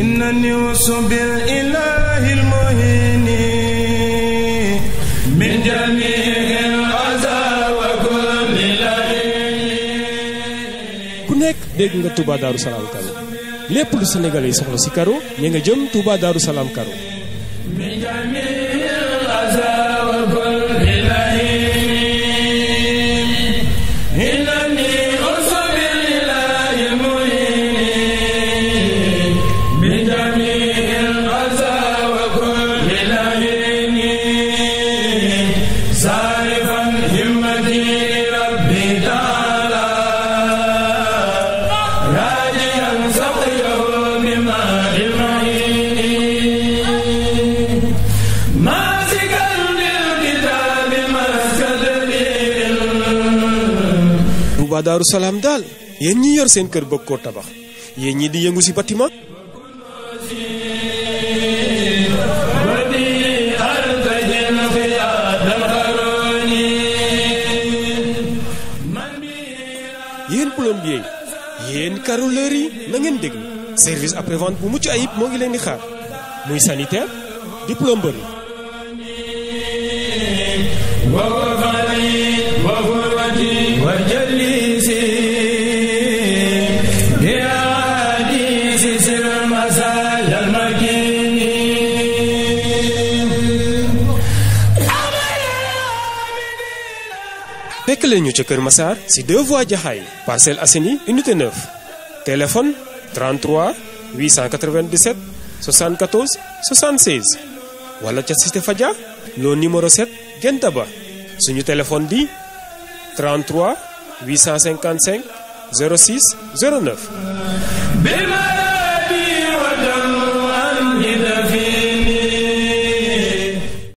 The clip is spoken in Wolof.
إنني وصب الإله المهين من جميع الأذى وكل ku nekk dégg nga Touba Darou Salam lépp lu Sénégalais yi soxla si karo ña nga jëm Touba Darou Salam Karo Touba Darou Salaam daal yéen ñi yor seen kër bëgg koo tabax yéen ñi di yëngu ci bâtiment yéen plombier yi yéen carreleurs yi na ngeen déglu service après vente bu mucc ayib moo ngi leen di xaar muy sanitaire di plomberie fekk leen ñu ca Kër Massar si deux voies Jaxaay Parcelles Assainies unité 9 téléphone 33 897 74 76 wala ca Cité Fadia loo numéro 7 ba suñu téléphone di 33 855 06 09.